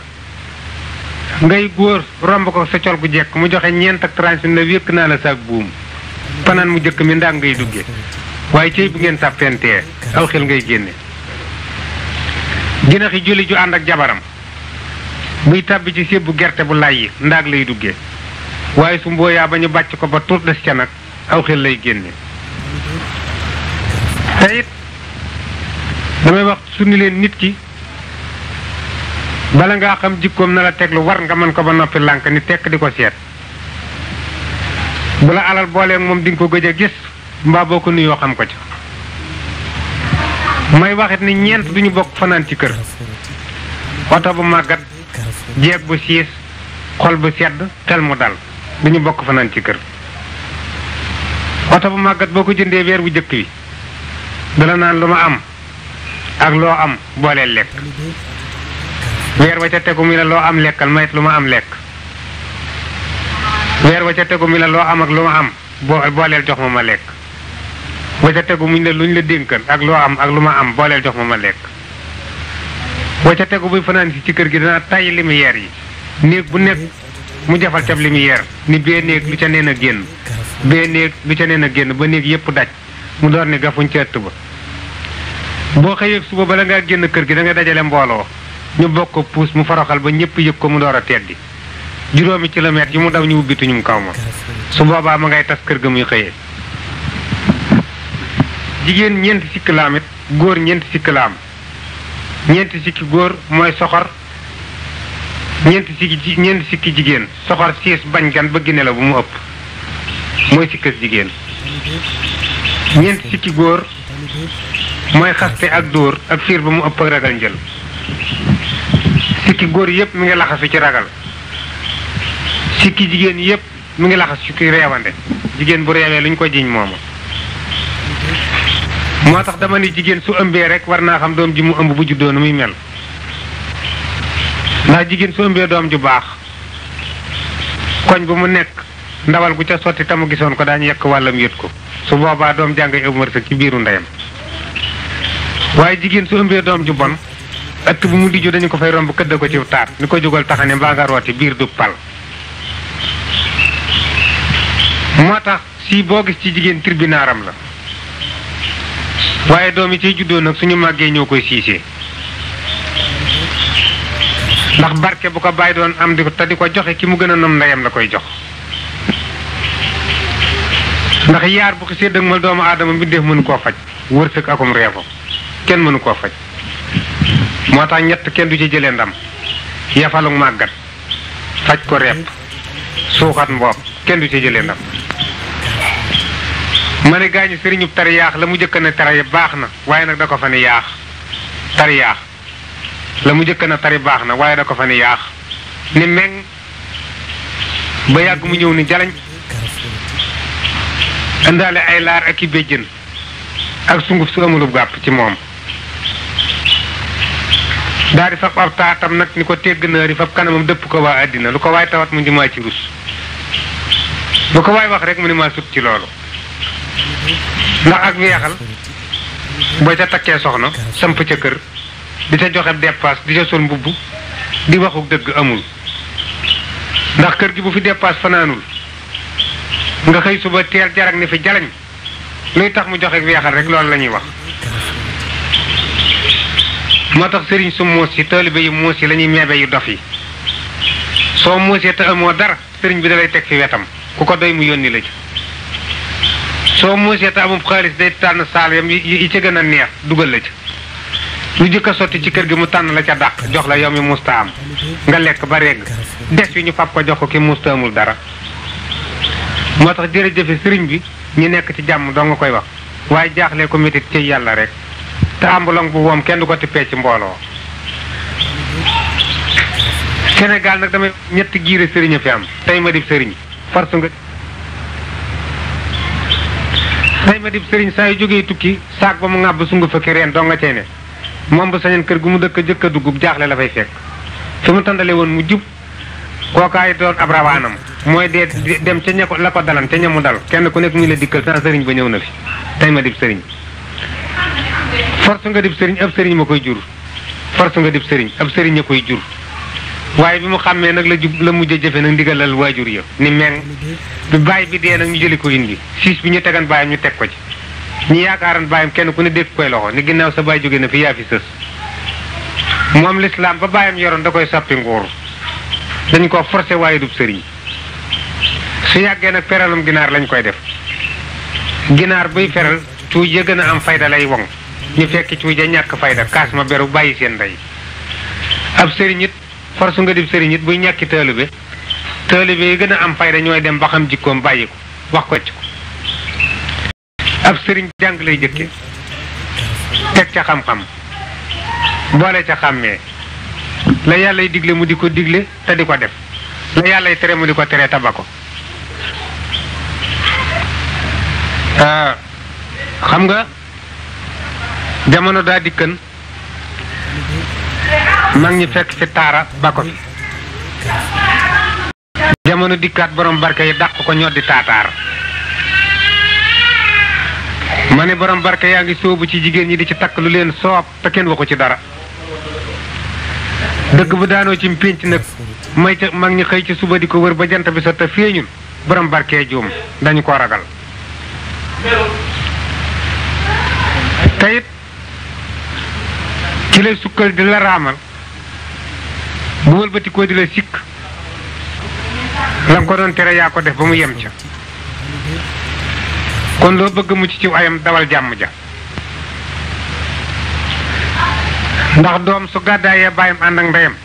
ngay góor romb ko sa col gu jekk mu joxe ñeent ak transit na wékk naa la saak buum fanaan mu jëkk mi ndax ngay duggee waaye ci bu ngeen sàppentee aw xel ngay génne jinax yi julli ju ànd ak jabaram buy tàbbi ci sébbu gerte bu lay yi ndaag lay duggee waaye su mbooyaa ba ñu bàcc ko ba tur des ca nag aw xel lay génne te damay wax su ni leen nit ki bala ngaa xam jikkoom na la teglu war nga mën ko ba noppi lànk ni tekk di ko seet bu la alal booleeg moom dinga ko gëj a gis mbaa boo ko nuyoo xam ko ci may waxit ni ñeent duñu bokk fanaan ci kër oto bu màggat jeeg bu siis xol bu sedd xel mu dal duñu bokk fanaan ci kër oto bu màggat boo ko jëndee weer bu jëkk wi dala naan lu ma am ak loo am booleel lekk weer wa ca tegu mi la loo am lekkal mayit lu ma am lekk weer wa ca tegu mi la loo am ak lu ma am booleel jox ma ma lekk ba ca tegu muñ la ñu la dénkan ak loo am ak lu ma am booleel jox ma ma lekk ba ca tegu buy fanaan si ci kër gi dana tay lumière yi néeg bu nekk mu jafal cab lumière ni bee néeg lu ca neen génn bee néeg lu ca neen génn ba néeg yépp daj mu door ni gafuñ ca ëtt ba boo xëyeeg suba la ngaa génn kër gi da nga dajale mbooloo ñu bokk puus mu faraxal ba ñëpp yëg ko mu door a teddi juróomi kilomètres yi mu daw ñu ubbituñum kaw ma su boobaa ma ngay tas kër ga muy xëyee jigéen ñeenti sikki laam góor ñeenti sikki laam ñeenti sikki góor mooy soxor ñeenti sikki ñeenti sikki jigéen soxor siis bañ gan bëgg ne la bu mu ëpp mooy sikkas jigéen ñeenti sikki góor mooy xaste ak dóor ak fiir ba mu ëpp ak ragal njël sikki góor yépp mu ngi laxasu ci ragal sikki jigéen yépp mu ngi laxas ci ki reewande jigéen bu reewee lu ñu ko jiñ mooma moo tax dama ne jigéen su ëmbee rek war naa xam doom ji mu ëmb bu juddoo nu muy mel naa jigéen su ëmbee doom ju baax koñ bu mu nekk ndawal gu ca sotti tamu gisoon ko daañu yekk wàllam yët ko su boobaa doom jàngay ëmb wërsëg ci biiru ndeyam waaye jigéen su ëmbee doom ju bon ëtt bu mu dijju dañu ko fay romb këdd ko ci taar ni ko jógal taxane mbaa nga rooti biir du pal moo tax sii boo gis ci jigéen tirbinaaram la waaye doom yi ciy juddoo nag suñu màggee ñoo koy siisee ndax barke bu ko bàyyi doon am di ko te di ko joxe ki mu gën a nam ndeyam la koy jox ndax yaar bu xisee dëgg ma doomu aadama bi def mënu koo faj wërsëg akum reefam kenn mënu koo faj moo tax ñett kenn du ci jëlee ndam yafalu màggat faj ko reep suuxat mboob kenn du ci jëlee ndam ma ne gaañu sëriñub tariyaax la mu njëkk ne tari baax na waaye nag da ko fa ne yaax tariyaax la mu njëkk ne tari baax na waaye da ko fa ne yaax ni meng ba yàgg mu ñëw ni jalañ indaale ay laar ak i béjjën ak sunguf su amulub gàpp ci moom daa di fab ab taatam nag ni ko tegg yi fab kanamam dëpp ko waa àddina lu ko waay tawat mu ni maa ci rus lu ko waay wax rek mu ni maa sut ci loolu ndax ak weexal boo ca takkee soxna samp ca kër di ca joxe dépasse di ca sol mbubb di waxu dëgg amul ndax kër gi bu fi dépasse fanaanul nga xëy suba teel jarag ne fi jalañ luy tax mu joxe weexal rek loolu lañuy wax moo tax sëriñ su muus yi taalibe yu muus yi la ñuy meebe yu dof yi soo muusee te amoo dara sëriñ bi dalay lay teg fi wetam ku ko doy mu yónni la soo muusee te amul xaalis day tànn saal yam yi ci gën a neex dugal la ci lu jëkk sotti ci kër gi mu tànn la ca dàq jox la yow mi musta am nga lekk ba regg des wi ñu fab ko jox ko ki musta amul dara moo tax jërëjëfe sëriñ bi ñu nekk ci jàmm doo nga koy wax waaye jaaxle ko métit ci yàlla rek te ambulong bu woom kenn du ko tippee ci mbooloo Sénégal nag damay ñetti giire sëriñ fi am tey ma dib sëriñ farsu nga xëy ma dib sëriñ saa yu jógee tukki saak ba mu ŋàbb sungu fekki reen doo nga cee ne moom bu kër gu mu dëkk jëkk a dugub jaaxle la fay fekk fi mu tàndale woon mu jub kookaay doon ab rawaanam mooy dee dem ca ña ko la ko dalan ca ñamu dal kenn ku nekk muy la dikkal sans sëriñ ba ñëw na fi tey ma dib sëriñ force nga dib sëriñ ab sëriñ ma koy jur force nga dib sëriñ ab sëriñ a koy jur waaye bi mu xàmmee nag la jub la mujj a jëfe nag ndigalal waajur ya ni meng bi bàyyi bi dee nag ñu jëli ko gi siis bi ñu tegan bàyyam ñu teg ko ci ñu yaakaaran bàyyam kenn ku ne dégg koy loxo ni ginnaaw sa bàyyi jóge na fi yaa fi sës moom lislaam ba bàyyam yoroon da koy soppi nguur dañ ko forcé waaye dub sëriñ su yàggee nag feralum ginaar lañ koy def ginaar buy feral cuuj ya gën a am fayda lay woŋ ñu fekki cuuj a ñàkk fayda kaas ma beru bàyyi seen ndey ab force nga dib sëriñ it buy ñàkki taalibe taalibe yi gën a am fayda ñooy dem ba xam jikkoom bàyyi ko wax ko ci ko ab sëriñ jàng lay jëkke teg ca xam-xam boole ca xàmmee la yàllay digle mu di ko digle te di ko def la yàllay tere mu di ko tere taba ah, xam nga jamono daa dikkan mag ñi fekk fi taara ba ko jamono dikkaat boroom barke yi daq ko ñoddi taataar ma boroom barke yaa ngi sóobu ci jigéen ñi di ci takk lu leen soob te kenn waxu ci dara dëkk bu daanoo ci pénc nag may mag ñi xëy ci suba di ko wër ba jant bi sa te feeñul borom barke juum dañu ko ragal teyit ci lay sukkal di la raamal bu wëlbatikoo di la sikk la ko doon tere yaa ko def ba mu yem ca kon loo bëgg mucc ci ciw ayam dawal jàmm ja ndax doom su gàddaayee bàyyam ànd ak ndeyam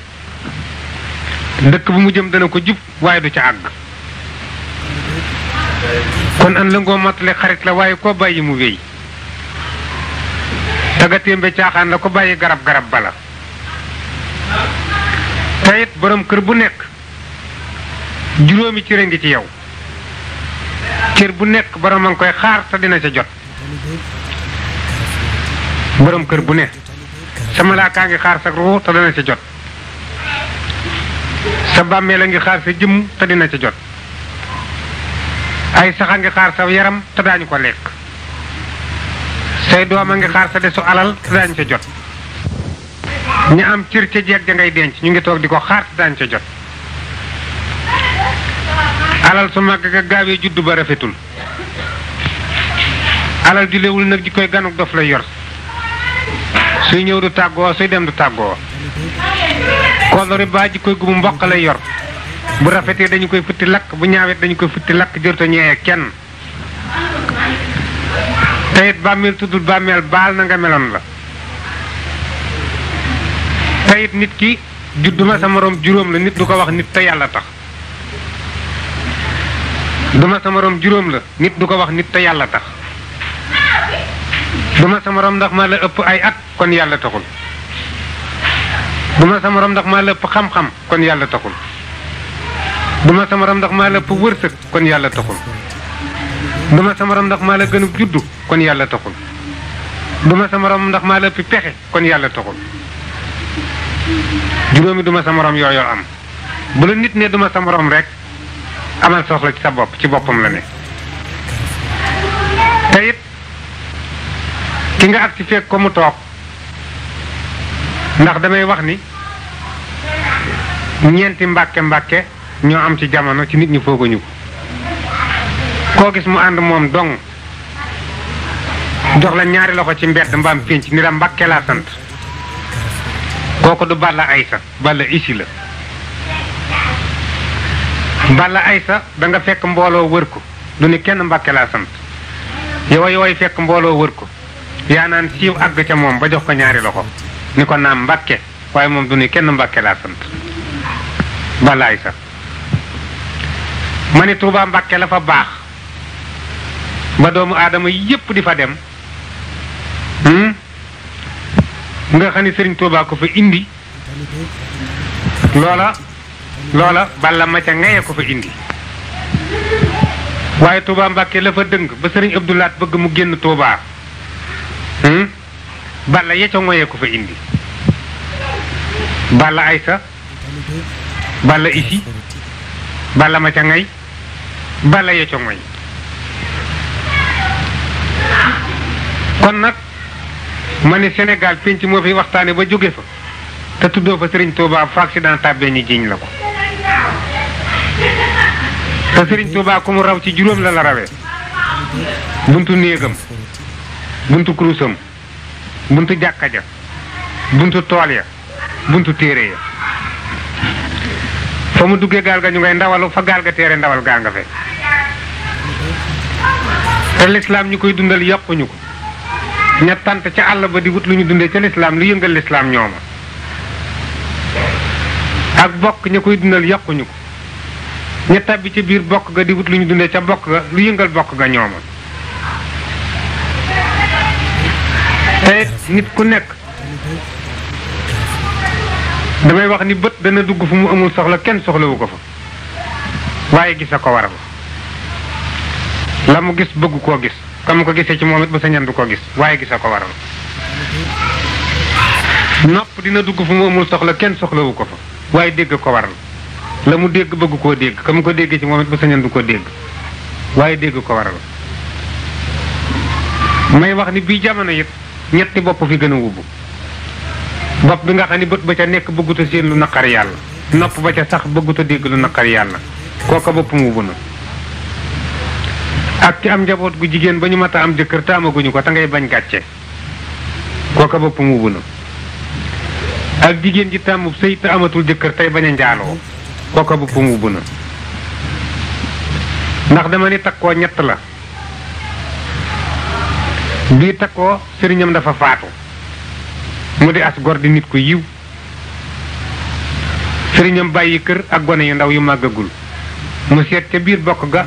dëkk bu mu jëm dana ko jub waaye du ca àgg kon an la ngoo matale xarit la waaye koo bàyyi mu wéy taggatémbe caaxaan la ko bàyyi garab garab bala te boroom kër bu nekk juróomi cëre ngi ci yow cër bu nekk borom a ngi koy xaar te dina ca jot borom kër bu ne sa malaakaa ngi xaar sa ca jot sa bàmmeel a ngi xaar sa jëmm te dina ca jot ay sax a ngi xaar sa yaram te daañu ko lekk say doom a ngi xaar sa desu alal te daañu ca jot ñu am cër ca jeeg ja ngay denc ñu ngi toog di ko xaar te daañu ca jot alal su mag ga gaawee juddu ba rafetul alal ju nag ji koy ganu dof lay yor suy ñëw du tàggoo suy dem du tàggoo kolori baa ji koy gumu mboq lay yor bu rafetee dañu koy futti lakk bu ñaawet dañu koy futti lakk jërte ñeewee kenn teyit bàmmeel tuddul bàmmeel baal na nga meloon la teyit nit ki judduma sa juróom la nit du ko wax nit te yàlla tax duma sa moroom juróom la nit du ko wax nit te yàlla tax duma sa moroom ndax maa la ëpp ay at kon yàlla taxul duma sa moroom ndax maa la ëpp xam-xam kon yàlla taxul duma sa moroom ndax maa la ëpp wërsëg kon yàlla taxul duma sa morom ndax maa la gënu juddu kon yàlla taxul duma sa morom ndax maa la ëpp pexe kon yàlla taxul juróomi duma sa morom yooyu am bu la nit ne duma sa morom rek amal soxla ci sa bopp ci boppam la ne te ki nga ak ci fekk ko mu toog ndax damay wax ni ñeenti mbàkke mbàkke ñoo am ci jamono ci nit ñi foogañu koo gis mu ànd moom dong jox la ñaari loxo ci mbedd mbaam pénc ni la mbakke laa sant kooku du Balla Aysa Balla Isi la Balla Aysa da nga fekk mbooloo wër ko du ni kenn mbakke laa sant yow yooy fekk mbooloo wër ko yaa naan siiw àgg ca moom ba jox ko ñaari loxo ni ko naam mbakke waaye moom du ni kenn mbakke laa sant Balla Aysa ma ni Tuubaa mbakke la fa baax ba doomu aadama yépp di fa dem hmm? nga xam ne sëriñ Tuubaa ko fa indi loola loola balla ma ca ngaye ko fa indi waaye Tuubaa Mbàkke la fa dëng ba sëriñ Abdou Lahat bëgg mu génn Tuubaa hmm? balla ya ca ngoyee ko fa indi balla aysa balla isi balla ma ca ngay balla ya ca kon nag ma ne Sénégal pénc moo fi waxtaane ba jóge fa te tuddoo fa Serigne Touba fa accident tàbbee ni jiñ la ko te Serigne Touba ku mu raw ci juróom la la rawee buntu néegam buntu kurusam buntu jàkka ja buntu tool ya buntu téere ya fa mu duggee gaal ga ñu ngay ndawalu fa gaal ga téere ndawal gaa nga fe te ñu koy dundal yokkuñu ko ña tant ca àll ba di wut lu ñu dundee ca lislaam lu yëngal lislaam ñooma ak bokk ña koy dundal yàquñu ko ña tàbbi ca biir bokk ga di wut lu ñu dundee ca bokk ga lu yëngal bokk ga ñooma te nit ku nekk damay wax ni bët dana dugg fu mu amul soxla kenn soxlawu ko fa waaye gis a ko waral la mu gis bëgg koo gis kam ko gisee ci moom it ba sa ñan ko gis waaye gisa ko waral nopp dina dugg fu mu soxla kenn soxlawu ko fa waaye dégg ko waral la mu dégg bëgg koo dégg comme ko déggee ci moom it ba sa ñan du ko dégg waaye dégg ko waral may wax ni bii jamono it ñetti bopp fi gën a wubbu bopp bi nga xam ni bët ba ca nekk bëggut a séen lu naqar yàlla nopp ba ca sax bëggut a dégg lu naqar yàlla kooka bopp wubbu na ak ki am njaboot gu jigéen ba ñu mat am jëkkër te amaguñu ko te ngay bañ gàcce kooka bopp mu bu ak jigéen ji tàmm sëy te amatul jëkkër tey bañ a njaaloo kooka bopp mu bu ndax dama ni koo ñett la tag koo sëriñam dafa faatu mu di as gor di nit ku yiw sëriñam bàyyi kër ak gone yu ndaw yu màggagul mu seet ca biir bokk ga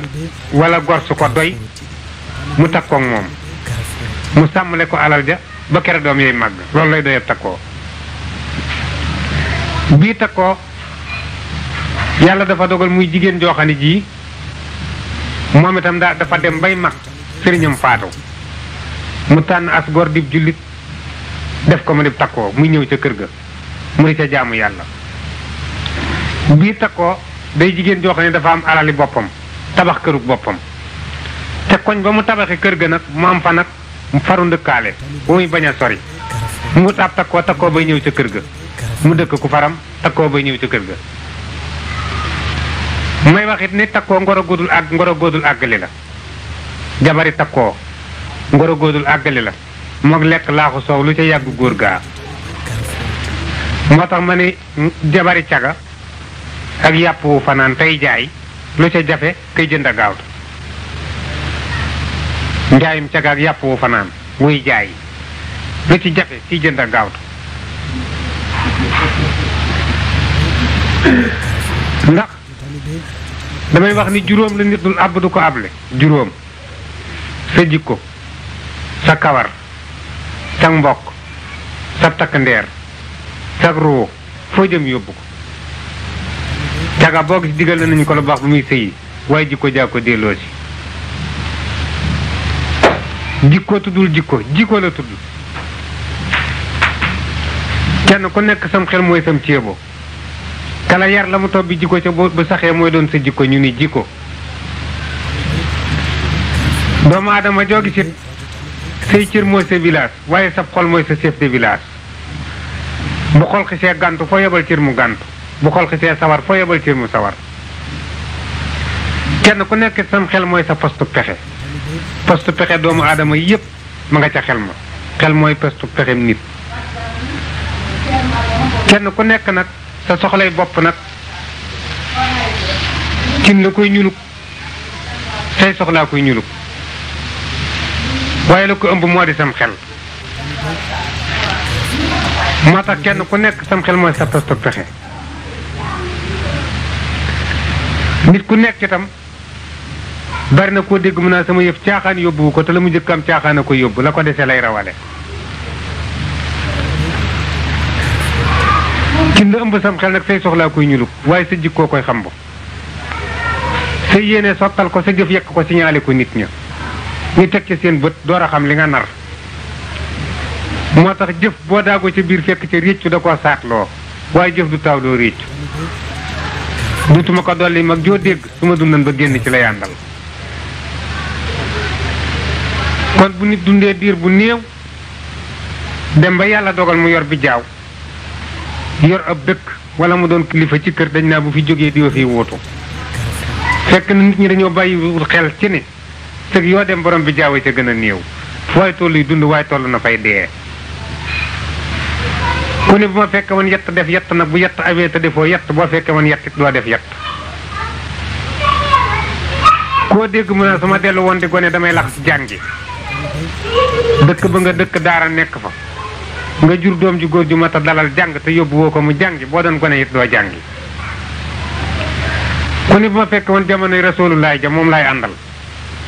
wala gor su ko doy mu takkoog moom mu sàmmale ko alal ja ba kere doom yooyu màgg loolu lay doyab takkoo bii takkoo yàlla dafa dogal muy jigéen joo xam ne jii moom itam daa dafa dem bay mag sëriñam faatu mu tànn as gor dib jullit def ko mu dib takkoo muy ñëw ca kër ga mu di ca jaamu yàlla bii takkoo day jigéen joo xam ne dafa am alali boppam tabax këru boppam te koñ ba mu tabaxee kër ga nag mu am fa nag mu faru ndëkkaale bu muy bañ a sori mu wut ab takkoo takkoo bay ñëw ca kër ga mu dëkk ku faram takkoo bay ñëw ca kër ga may waxit ni takkoo ngoro góodul ak ngoro góodul àggali la jabari takkoo ngoro góodul àggali la moog lekk laaxu soow lu ca yàggu góor gaa moo tax ma ne jabari caga ak yàpp wu fanaan tey jaay lu ca jafe kay jënd a gaawtu njaayum cag ak yàpp wu fanaan muy jaay lu ci jafe kiy jënd a gaawtu ndax damay wax ni juróom la nit dul àbb du ko able juróom sa jikko sa kawar sa mbokk sa takk ndeer sa ruux foo jëm yóbbu ko saga boo gis digal nañu ko la baax bu muy sëyi waaye jikko jaa ko delloo si jikko tuddul jikko jikko la tudd kenn ku nekk sam xel mooy sam ceebo kala yar la mu topp bi jikko ca bu saxee mooy doon sa jikko ñu ni jikko doomu aadama joo gis it cër mooy sa village waaye sab xol mooy sa chef de village bu xol xisee gàntu foo yebal cër mu gàntu bu xol xisee sawar foo yebal ci mu sawar kenn ku nekk sam xel mooy sa postu pexe postu pexe doomu aadama yépp ma nga ca xel ma xel mooy postu pexem nit kenn ku nekk nag sa soxlay bopp nag cin la koy ñuluk say soxlaa koy ñuluk waaye ko ëmb moo di sam xel moo tax kenn ku nekk sam xel mooy sa postu pexe nit ku nekk itam bari na koo dégg mu naa sama yëf caaxaan yóbbu ko te la mu njëkk am caaxaan a ko yóbbu la ko dese lay rawale cin la ëmb sam xel nag say soxlaa koy ñuluk waaye sa jikkoo koy xam ba sa yéene sottal ko sa jëf yekk ko signalé ko nit ña ñu teg ci seen bët door a xam li nga nar moo tax jëf boo daagoo ca biir fekk ca réccu da koo saatloo waaye jëf du taaw doo réccu duutuma ko dolli mag joo dégg su ma dundan ba génn ci la yàndal kon bu nit dundee diir bu néew dem ba yàlla dogal mu yor bi jaaw yor ab dëkk walla mu doon kilifa ci kër dañ naa bu fi jógee diwa fi wóotu fekk na nit ñi dañoo bàyyiwul xel ci ne sëg yoo dem borom bi jaaw ca gën a néew fooy tolluy dund waaye toll na fay dee ku ne bu ma fekke woon yett def yett nag bu yett amee te defoo yett boo fekke woon yett it doo def yett koo dégg mu ne su ma dellu woon di gone damay lax si jàngi dëkk ba nga dëkk daara nekk fa nga jur doom ji góor ju mat a dalal jàng te yóbbu woo ko mu jàngi boo doon gone it doo jàngi ku ne bu ma fekke woon jamonoy laay ja moom laay àndal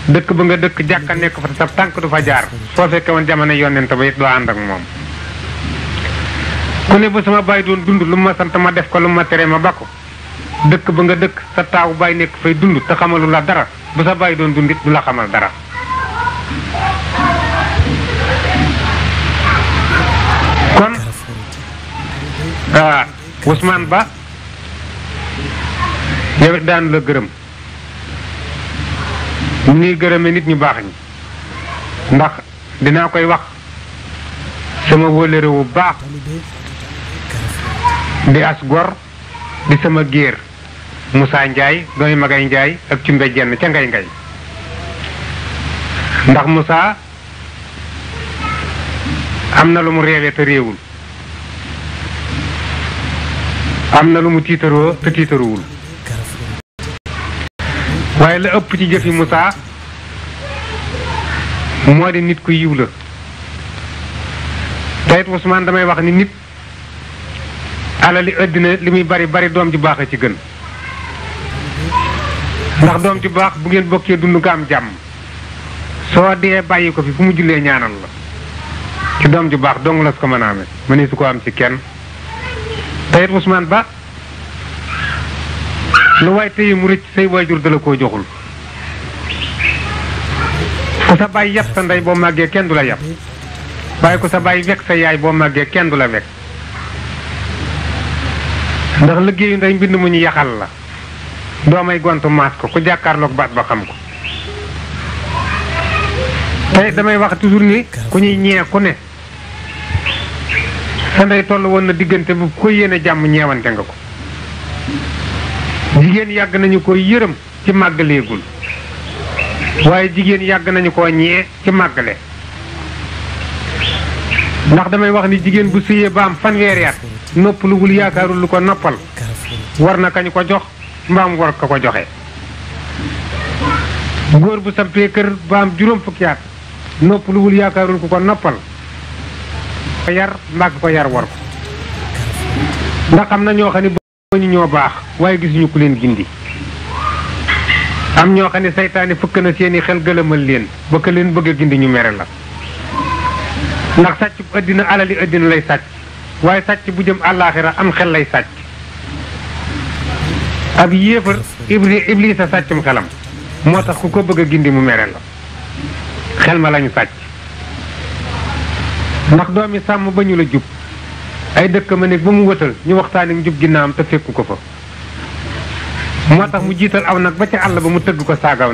dëkk ba nga dëkk jàkka nekk fa te sa tànk du fa jaar soo fekkee woon jamono yonent ba it doo ànd ak moom ku ne bu sama baay doon dund lu ma sant ma def ko lu ma tere ma bakko dëkk ba nga dëkk sa taawu baay nekk fay dund te xamalu la dara bu sa baay doon dund it du la xamal dara kon ah Ousmane Ba yow daan la gërëm ñuy gërëme nit ñu baax ñi ndax dinaa koy wax sama wóllëre wu baax di as gor di sama géer Moussa njaay dooy magay njaay ak cumbe jenn ca ngay ngay ndax musaa am na lu mu réewee te réewul am na lu mu tiitaroo te tiitaruwul waaye la ëpp ci jëfi Moussa moo di nit ku yiw la te it Ousmane damay wax ni nit alali àddina li muy bari bari doom ju baax a ci gën ndax doom ju baax bu ngeen bokkee dund nga am jàmm soo dee bàyyi ko fi fu mu jullee ñaanal la ci doom ju baax dong la su ko mën a amee mënee su ko am ci kenn tayit Ousmane Ba lu waay téye mu rëcc say waajur dala koo joxul ku sa bàyyi yàpp sa ndey boo màggee kenn du la yàpp waaye ko sa bàyyi wekk sa yaay boo màggee kenn du la wekk ndax liggéeyu ndey mbind mu ñu yaxal la doomay gont maas ko ku jàkkaarloog baat ba xam ko tey damay wax toujours ni ku ñuy ñee ku ne sa ndey woon na diggante bu ko yéene jàmm ñeewante nga ko jigéen yàgg nañu ko yërëm ci màggaleegul waaye jigéen yàgg nañu ko ñee ci màggale ndax damay wax ni jigéen bu sëyee ba am fanweeri at noppaluwul yaakaarul lu ko noppal war na kañ ko jox mbaam war ko ko joxe. góor bu sampee kër ba am juróom fukkiyaat at noppaluwul yaakaarul ku ko noppal ko yar mbàgg ko yar war ko ndax am na ñoo xam ne ba ñu ñoo baax waaye gisuñu ku leen gindi am ñoo xam ne saytaane fukk na seeni xel gëlëmal leen ba ka leen bëgg gindi ñu mere la ndax sàcc bu ëddina alali ëddina lay sàcc waaye sàcc bu jëm àllaaxira am xel lay sàcc ab yéefar ibli iblis a sàccum xelam moo tax ku ko bëgg a gindi mu mere la xel ma lañu sàcc ndax doomi sàmm ba ñu la jub ay dëkk ma nekk ba mu wëtal ñu waxtaani njub ginnaam te fekku ko fa moo tax mu jiital aw nag ba ca àll ba mu tëgg ko saagaw